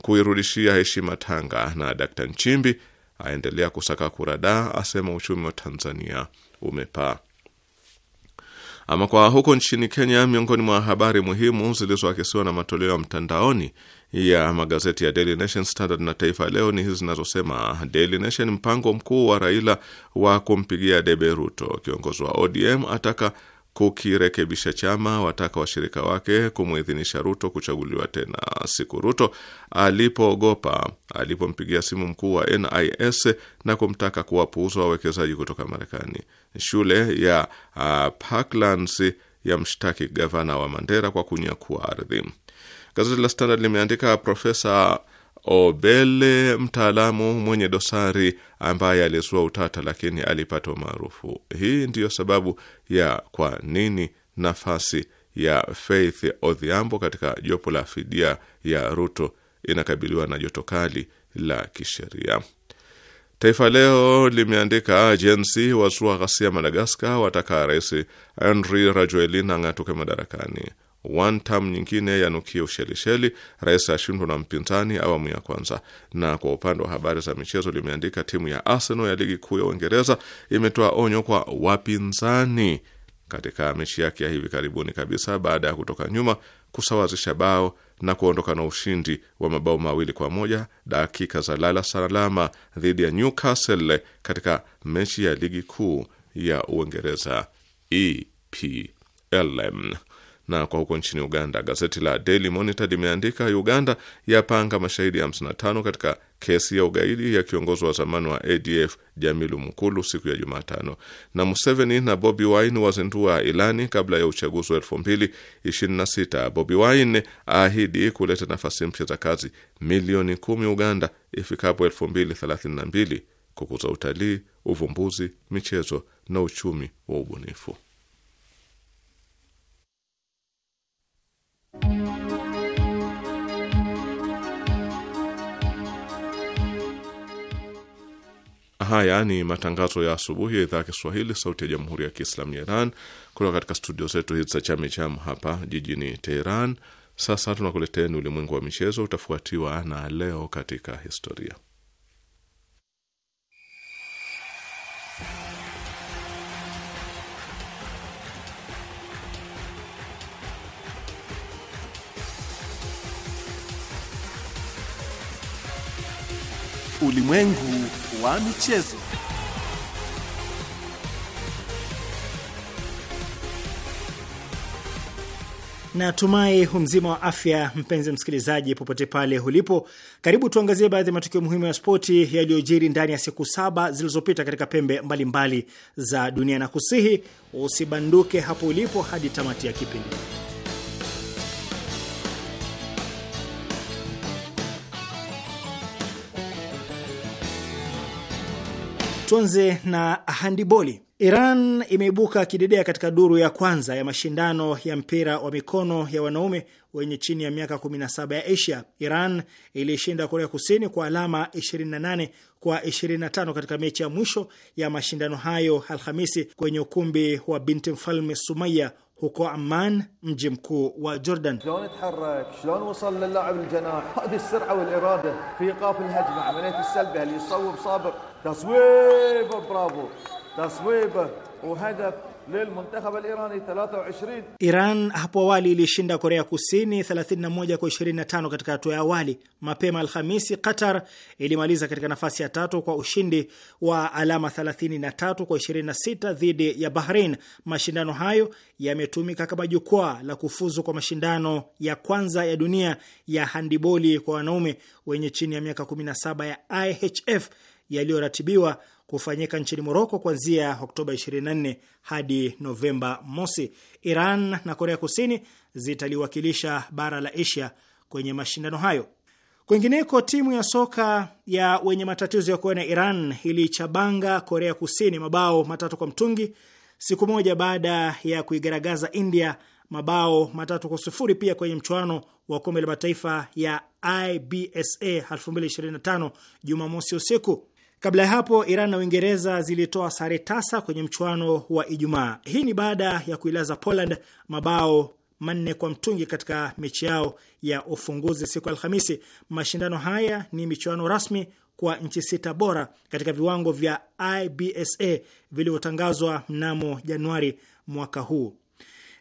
kuirudishia heshima Tanga na Dkt Nchimbi aendelea kusaka kuradaa, asema uchumi wa Tanzania umepaa. Ama kwa huko nchini Kenya, miongoni mwa habari muhimu zilizoakisiwa na matoleo ya mtandaoni ya magazeti ya Daily Nation, Standard na Taifa Leo ni hizi zinazosema: Daily Nation, mpango mkuu wa Raila wa kumpigia debe Ruto, kiongozi wa ODM ataka kukirekebisha chama, wataka washirika wake kumwidhinisha Ruto kuchaguliwa tena. Siku Ruto alipoogopa alipompigia simu mkuu wa NIS na kumtaka kuwapuuza wawekezaji kutoka Marekani. Shule ya uh, Parklands ya mshtaki gavana wa Mandera kwa kunyakua ardhi. Gazeti la Standard limeandika Profesa Obele, mtaalamu mwenye dosari ambaye alizua utata lakini alipata umaarufu. Hii ndiyo sababu ya kwa nini nafasi ya Faith Odhiambo katika jopo la fidia ya Ruto inakabiliwa na joto kali la kisheria. Taifa Leo limeandika jensi wazua ghasia Madagaskar, wataka Rais Andry Rajoelina ang'atuke madarakani one term nyingine ya Ushelisheli, rais ashindwa na mpinzani awamu ya kwanza. Na kwa upande wa habari za michezo limeandika timu ya Arsenal ya ligi kuu ya Uingereza imetoa onyo kwa wapinzani katika mechi yake ya hivi karibuni kabisa baada ya kutoka nyuma kusawazisha bao na kuondoka na ushindi wa mabao mawili kwa moja dakika za lala salama dhidi ya Newcastle katika mechi ya ligi kuu ya Uingereza EPL. Na kwa huko nchini Uganda, gazeti la Daily Monitor limeandika Uganda yapanga mashahidi 55 katika kesi ya ugaidi ya kiongozi wa zamani wa ADF Jamilu Mkulu siku ya Jumatano. Na Museveni na Bobi Wine wazindua ilani kabla ya uchaguzi wa 2026. Bobi Wine aahidi kuleta nafasi mpya za kazi milioni kumi Uganda ifikapo 2032, kukuza utalii, uvumbuzi, michezo na uchumi wa ubunifu. Haya ni matangazo ya asubuhi ya idhaa ya Kiswahili, sauti ya jamhuri ya kiislamu ya Iran, kutoka katika studio zetu hizi za cham hapa jijini Teheran. Sasa tunakuleteeni ulimwengu wa michezo, utafuatiwa na leo katika historia. Ulimwengu wa michezo. Natumai humzima wa afya, mpenzi msikilizaji, popote pale ulipo. Karibu tuangazie baadhi ya matukio muhimu ya spoti yaliyojiri ndani ya siku saba zilizopita katika pembe mbalimbali mbali za dunia, na kusihi usibanduke hapo ulipo hadi tamati ya kipindi. tuanze na handiboli. Iran imeibuka kidedea katika duru ya kwanza ya mashindano ya mpira wa mikono ya wanaume wenye chini ya miaka 17 ya Asia. Iran ilishinda Korea Kusini kwa alama 28 kwa 25 katika mechi ya mwisho ya mashindano hayo Alhamisi kwenye ukumbi wa Binti Mfalme Sumaya وكو عمان mji mkuu wa شلون تحرك شلون وصل للاعب الجناح هذه السرعه والاراده في ايقاف الهجمه عمليه السلبه هل يصوب صابر تصويبه برافو تصويبه وهدف Iran hapo awali ilishinda Korea Kusini 31 kwa 25 katika hatua ya awali. Mapema Alhamisi, Qatar ilimaliza katika nafasi ya tatu kwa ushindi wa alama 33 kwa 26 dhidi ya Bahrain. Mashindano hayo yametumika kama jukwaa la kufuzu kwa mashindano ya kwanza ya dunia ya handiboli kwa wanaume wenye chini ya miaka 17 ya IHF yaliyoratibiwa kufanyika nchini Moroko kuanzia Oktoba 24 hadi Novemba mosi. Iran na Korea Kusini zitaliwakilisha bara la Asia kwenye mashindano hayo. Kwingineko, timu ya soka ya wenye matatizo ya kuona Iran ilichabanga Korea Kusini mabao matatu kwa mtungi siku moja baada ya kuigaragaza India mabao matatu kwa sufuri pia kwenye mchuano wa kombe la mataifa ya IBSA 2025 Jumamosi usiku. Kabla ya hapo Iran na Uingereza zilitoa sare tasa kwenye mchuano wa Ijumaa. Hii ni baada ya kuilaza Poland mabao manne kwa mtungi katika mechi yao ya ufunguzi siku ya Alhamisi. Mashindano haya ni michuano rasmi kwa nchi sita bora katika viwango vya IBSA vilivyotangazwa mnamo Januari mwaka huu.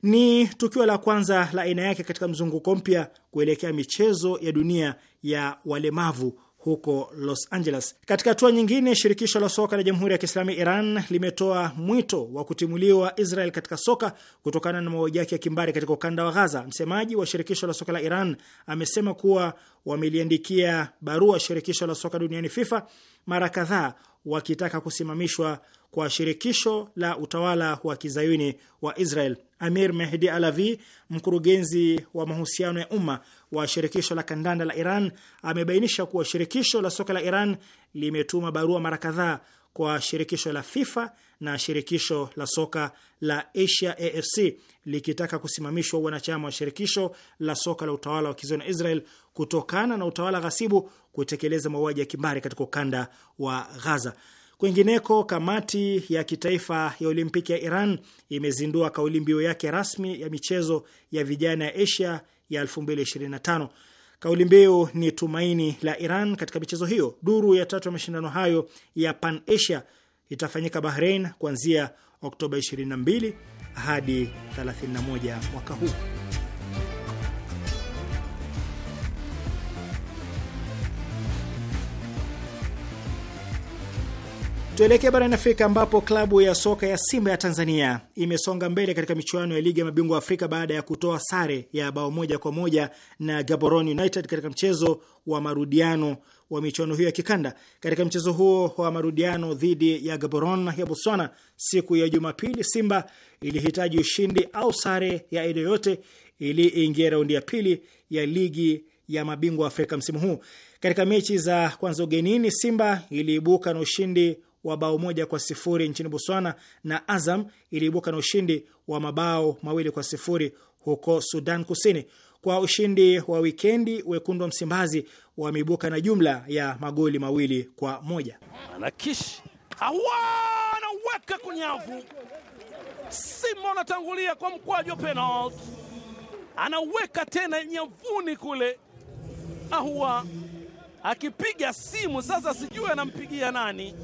Ni tukio la kwanza la aina yake katika mzunguko mpya kuelekea michezo ya dunia ya walemavu huko Los Angeles. Katika hatua nyingine, shirikisho la soka la Jamhuri ya Kiislamu Iran limetoa mwito wa kutimuliwa Israel katika soka kutokana na mauaji yake ya kimbari katika ukanda wa Gaza. Msemaji wa shirikisho la soka la Iran amesema kuwa wameliandikia barua shirikisho la soka duniani FIFA mara kadhaa wakitaka kusimamishwa kwa shirikisho la utawala wa kizayuni wa Israel. Amir Mehdi Alavi, mkurugenzi wa mahusiano ya umma wa shirikisho la kandanda la Iran, amebainisha kuwa shirikisho la soka la Iran limetuma barua mara kadhaa kwa shirikisho la FIFA na shirikisho la soka la Asia AFC likitaka kusimamishwa wanachama wa shirikisho la soka la utawala wa kizayuni Israel kutokana na utawala ghasibu kutekeleza mauaji ya kimbari katika ukanda wa Gaza. Kwingineko, kamati ya kitaifa ya Olimpiki ya Iran imezindua kauli mbiu yake rasmi ya michezo ya vijana ya Asia ya 2025. Kauli mbiu ni tumaini la Iran katika michezo hiyo. Duru ya tatu ya mashindano hayo ya Pan Asia itafanyika Bahrain kuanzia Oktoba 22 hadi 31 mwaka huu. Tuelekee barani Afrika ambapo klabu ya soka ya Simba ya Tanzania imesonga mbele katika michuano ya ligi ya mabingwa Afrika baada ya kutoa sare ya bao moja kwa moja na Gaborone United katika mchezo wa marudiano wa michuano hiyo ya kikanda. Katika mchezo huo wa marudiano dhidi ya Gaborone ya Botswana siku ya Jumapili, Simba ilihitaji ushindi au sare ya aina yoyote ili iingie raundi ya pili ya ligi ya mabingwa Afrika msimu huu. Katika mechi za kwanza ugenini, Simba iliibuka na no ushindi wa bao moja kwa sifuri nchini Botswana na Azam iliibuka na ushindi wa mabao mawili kwa sifuri huko Sudan Kusini. Kwa ushindi wa wikendi, wekundu wa Msimbazi wameibuka na jumla ya magoli mawili kwa moja. Anakish anaweka kunyavu, Simba anatangulia kwa mkwaju wa penalti, anaweka tena nyavuni kule, ahua akipiga simu sasa, sijui anampigia nani.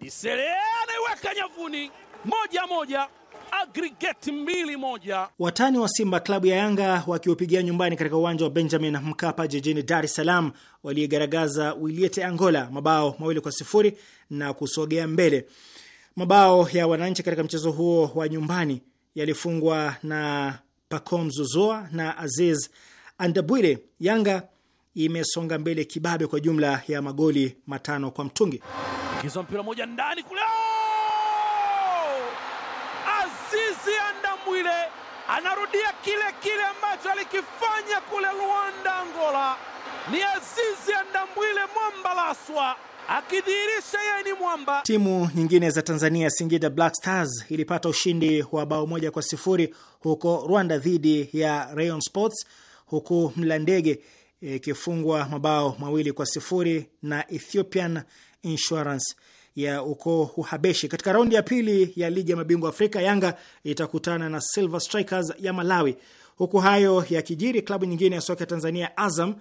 Diselea anaiweka nyavuni moja moja, agrigeti mbili moja. Watani wa Simba klabu ya Yanga wakiupigia nyumbani katika uwanja wa Benjamin Mkapa jijini Dar es Salaam waliigaragaza Wiliete Angola mabao mawili kwa sifuri na kusogea mbele. Mabao ya wananchi katika mchezo huo wa nyumbani yalifungwa na pacom Zuzoa na Aziz Andabwile. Yanga imesonga mbele kibabe kwa jumla ya magoli matano kwa mtungi. Kizwa mpira moja ndani kule, oh! Azizi Andamwile anarudia kile kile ambacho alikifanya kule Luanda, Angola. Ni Azizi Andamwile mwamba laswa akidhihirisha yeye ni mwamba. Timu nyingine za Tanzania, Singida Black Stars ilipata ushindi wa bao moja kwa sifuri huko Rwanda dhidi ya Rayon Sports, huku Mlandege ikifungwa e, mabao mawili kwa sifuri na Ethiopian Insurance ya ukoo Uhabeshi. Katika raundi ya pili ya ligi ya mabingwa Afrika, Yanga itakutana na Silver Strikers ya Malawi. Huku hayo yakijiri, klabu nyingine ya soka ya Tanzania, Azam,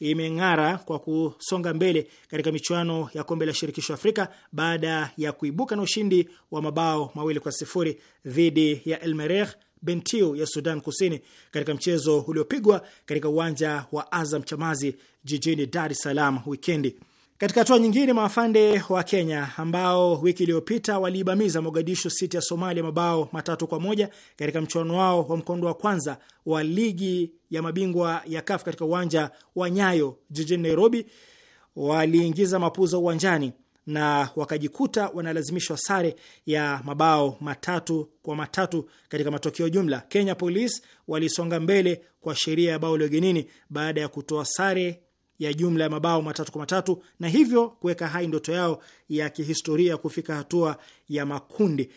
imeng'ara kwa kusonga mbele katika michuano ya kombe la shirikisho Afrika baada ya kuibuka na ushindi wa mabao mawili kwa sifuri dhidi ya Elmereh Bentiu ya Sudan Kusini katika mchezo uliopigwa katika uwanja wa Azam Chamazi jijini Dar es Salaam wikendi. Katika hatua nyingine, maafande wa Kenya ambao wiki iliyopita waliibamiza Mogadishu City ya Somalia mabao matatu kwa moja katika mchuano wao wa mkondo wa kwanza wa ligi ya mabingwa ya KAF katika uwanja wa Nyayo jijini Nairobi waliingiza mapuzo uwanjani na wakajikuta wanalazimishwa sare ya mabao matatu kwa matatu katika matokeo jumla. Kenya Police walisonga mbele kwa sheria ya bao liogenini baada ya kutoa sare ya jumla ya mabao matatu kwa matatu na hivyo kuweka hai ndoto yao ya kihistoria kufika hatua ya makundi.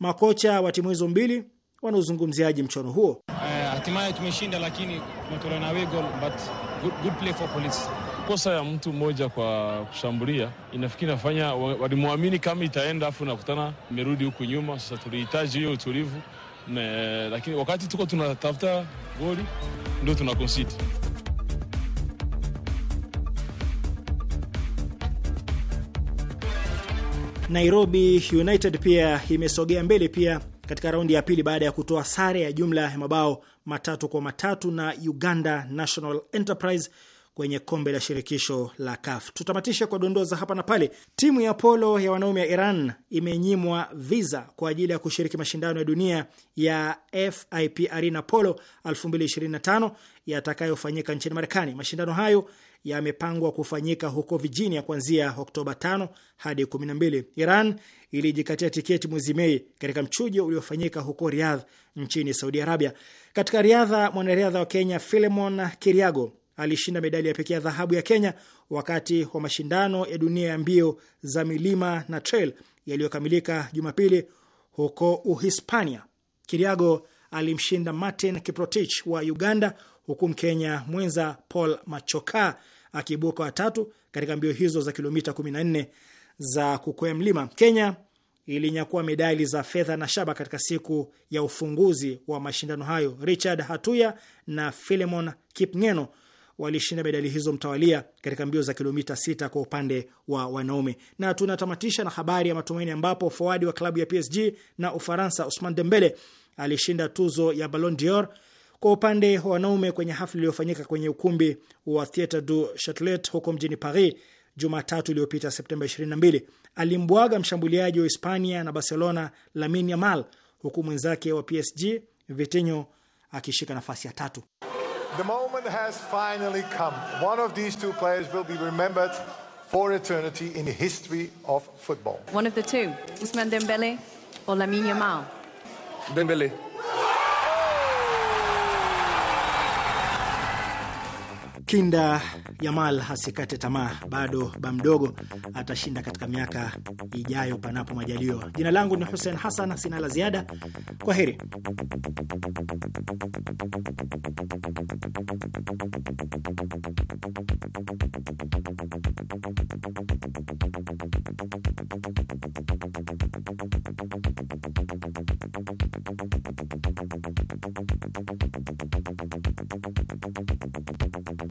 Makocha wa timu hizo mbili wanauzungumziaji mchono huo. Uh, hatimaye tumeshinda, lakini tumetolewa na away but good, good play for Police kosa ya mtu mmoja kwa kushambulia inafikiri nafanya walimwamini kama itaenda, afu nakutana imerudi huku nyuma. Sasa tulihitaji hiyo utulivu ne, lakini wakati tuko tunatafuta goli ndio tunakonsiti. Nairobi United pia imesogea mbele pia katika raundi ya pili baada ya kutoa sare ya jumla ya mabao matatu kwa matatu na Uganda National Enterprise kwenye kombe la shirikisho la CAF. Tutamatisha kwa dondoza hapa na pale. Timu ya polo ya wanaume ya Iran imenyimwa visa kwa ajili ya kushiriki mashindano ya dunia ya FIP Arena Polo 2025 yatakayofanyika nchini Marekani. Mashindano hayo yamepangwa kufanyika huko Virginia kuanzia Oktoba 5 hadi 12. Iran ilijikatia tiketi mwezi Mei katika mchujo uliofanyika huko Riyadh nchini Saudi Arabia. Katika riadha, mwanariadha wa Kenya Filemon Kiriago alishinda medali ya pekee ya dhahabu ya Kenya wakati wa mashindano ya dunia ya mbio za milima na trail yaliyokamilika Jumapili huko Uhispania. Kiriago alimshinda Martin Kiprotich wa Uganda, huku Mkenya mwenza Paul Machoka akiibuka watatu katika mbio hizo za kilomita 14 za kukwea mlima. Kenya ilinyakua medali za fedha na shaba katika siku ya ufunguzi wa mashindano hayo. Richard Hatuya na Filemon Kipngeno walishinda medali hizo mtawalia katika mbio za kilomita 6 kwa upande wa wanaume. Na tunatamatisha na habari ya matumaini ambapo forward wa klabu ya PSG na Ufaransa Ousmane Dembele alishinda tuzo ya Ballon d'Or kwa upande wa wanaume kwenye hafla iliyofanyika kwenye ukumbi wa Theatre du Chatelet huko mjini Paris Jumatatu iliyopita Septemba 22. Alimbwaga mshambuliaji wa Hispania na Barcelona Lamine Yamal huku mwenzake wa PSG Vitinho akishika nafasi ya tatu. the moment has finally come. One of these two players will be remembered for eternity in the history of football. One of the two, Usman Dembele or Lamine Yamal? Dembele. Kinda Yamal hasikate tamaa, bado bamdogo atashinda katika miaka ijayo, panapo majaliwa. Jina langu ni Hussein Hassan, sina la ziada. Kwa heri.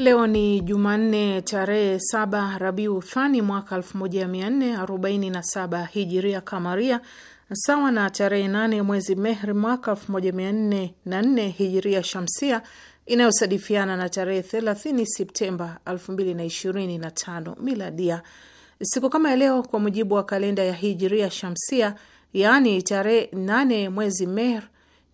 Leo ni Jumanne tarehe 7 Rabiu Thani mwaka 1447 Hijiria Kamaria, sawa na tarehe 8 mwezi Mehri mwaka 1404 Hijiria Shamsia, inayosadifiana na tarehe 30 Septemba 2025 Miladia. Siku kama ya leo kwa mujibu wa kalenda ya Hijiria Shamsia, yaani tarehe 8 mwezi Mehr,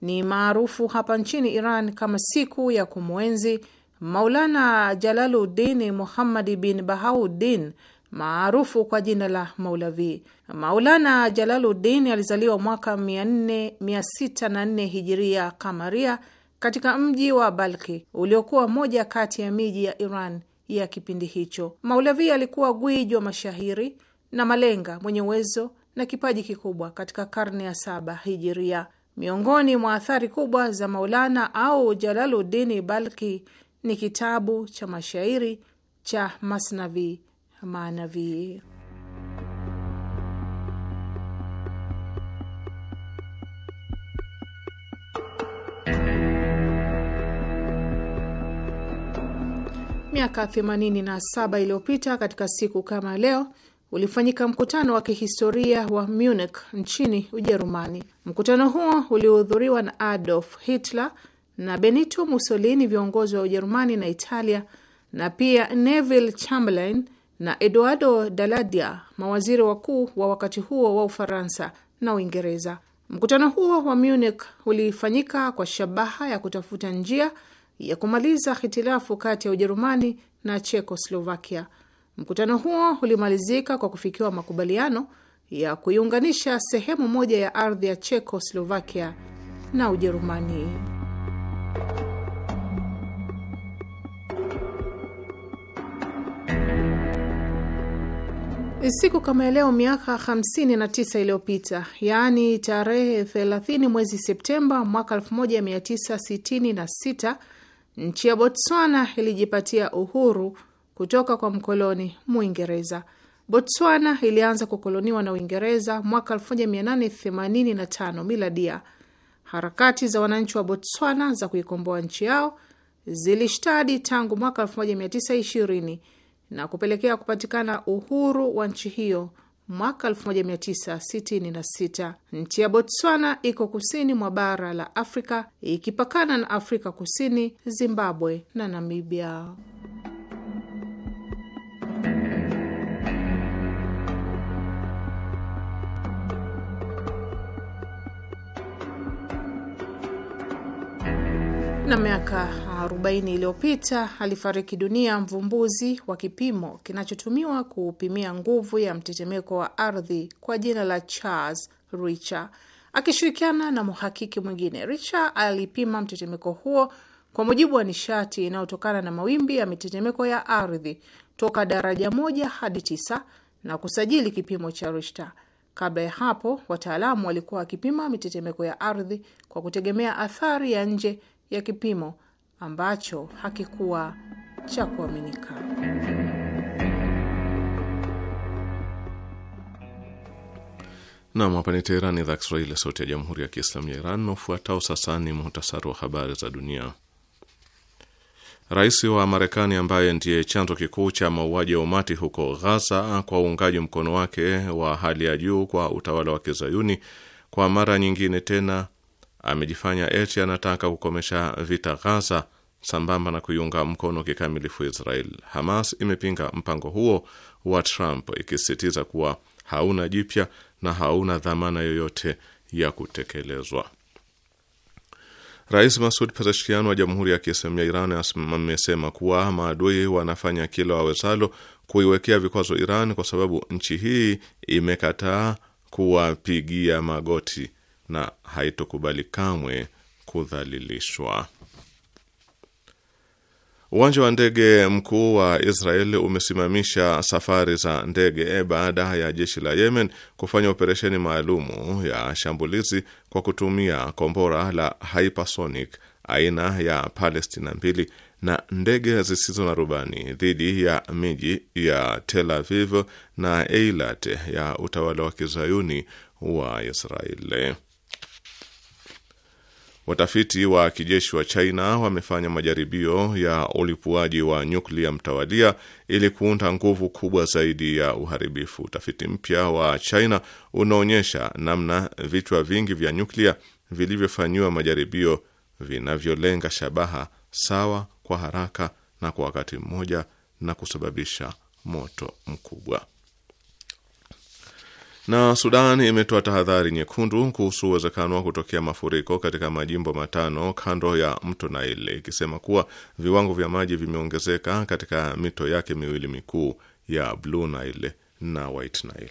ni maarufu hapa nchini Iran kama siku ya kumwenzi Maulana Jalaluddini Muhammadi bin Bahauddin maarufu kwa jina la Maulavi. Maulana Jalaluddin alizaliwa mwaka 464 hijiria kamaria katika mji wa Balki uliokuwa moja kati ya miji ya Iran ya kipindi hicho. Maulavi alikuwa gwiji wa mashahiri na malenga mwenye uwezo na kipaji kikubwa katika karne ya saba hijiria. Miongoni mwa athari kubwa za Maulana au jalaludini Balki ni kitabu cha mashairi cha Masnavi Maanavi. Miaka 87 iliyopita katika siku kama leo ulifanyika mkutano wa kihistoria wa Munich nchini Ujerumani. Mkutano huo ulihudhuriwa na Adolf Hitler na Benito Mussolini, viongozi wa Ujerumani na Italia, na pia Neville Chamberlain na Eduardo Daladia, mawaziri wakuu wa wakati huo wa Ufaransa na Uingereza. Mkutano huo wa Munich ulifanyika kwa shabaha ya kutafuta njia ya kumaliza hitilafu kati ya Ujerumani na Chekoslovakia. Mkutano huo ulimalizika kwa kufikiwa makubaliano ya kuiunganisha sehemu moja ya ardhi ya Chekoslovakia na Ujerumani. Siku kama leo miaka 59 iliyopita, yaani tarehe 30 mwezi Septemba mwaka 1966, nchi ya Botswana ilijipatia uhuru kutoka kwa mkoloni Mwingereza. Botswana ilianza kukoloniwa na Uingereza mwaka 1885 miladia. Harakati za wananchi wa Botswana za kuikomboa nchi yao zilishtadi tangu mwaka 1920 na kupelekea kupatikana uhuru wa nchi hiyo mwaka 1966. Nchi ya Botswana iko kusini mwa bara la Afrika ikipakana na Afrika Kusini, Zimbabwe na Namibia. Na miaka 40 iliyopita alifariki dunia mvumbuzi wa kipimo kinachotumiwa kupimia nguvu ya mtetemeko wa ardhi kwa jina la Charles Richter. Akishirikiana na mhakiki mwingine, Richter alipima mtetemeko huo kwa mujibu wa nishati inayotokana na mawimbi ya mitetemeko ya ardhi toka daraja moja hadi tisa na kusajili kipimo cha Richter. Kabla ya hapo, wataalamu walikuwa wakipima mitetemeko ya ardhi kwa kutegemea athari ya nje ya kipimo ambacho hakikuwa cha kuaminika. Nam, hapa ni Teherani, idhaa Kiswahili, sauti ya jamhuri ya kiislamu ya Iran. ufuatao sasa ni muhtasari wa habari za dunia. Rais wa Marekani ambaye ndiye chanzo kikuu cha mauaji ya umati huko Ghaza kwa uungaji mkono wake wa hali ya juu kwa utawala wa kizayuni kwa mara nyingine tena amejifanya eti anataka kukomesha vita Ghaza sambamba na kuiunga mkono kikamilifu Israel. Hamas imepinga mpango huo wa Trump ikisisitiza kuwa hauna jipya na hauna dhamana yoyote ya kutekelezwa. Rais Masud Pezeshkian wa Jamhuri ya Kiislamu ya Iran amesema kuwa maadui wanafanya kila wawezalo kuiwekea vikwazo Iran kwa sababu nchi hii imekataa kuwapigia magoti na haitokubali kamwe kudhalilishwa. Uwanja wa ndege mkuu wa Israel umesimamisha safari za ndege baada ya jeshi la Yemen kufanya operesheni maalumu ya shambulizi kwa kutumia kombora la hypersonic aina ya Palestina mbili na ndege zisizo na rubani dhidi ya miji ya Tel Aviv na Eilat ya utawala wa kizayuni wa Israeli. Watafiti wa kijeshi wa China wamefanya majaribio ya ulipuaji wa nyuklia mtawalia ili kuunda nguvu kubwa zaidi ya uharibifu. Utafiti mpya wa China unaonyesha namna vichwa vingi vya nyuklia vilivyofanyiwa majaribio vinavyolenga shabaha sawa kwa haraka na kwa wakati mmoja na kusababisha moto mkubwa. Na Sudan imetoa tahadhari nyekundu kuhusu uwezekano wa kutokea mafuriko katika majimbo matano kando ya mto Naili, ikisema kuwa viwango vya maji vimeongezeka katika mito yake miwili mikuu ya Blue Nile na White Nile.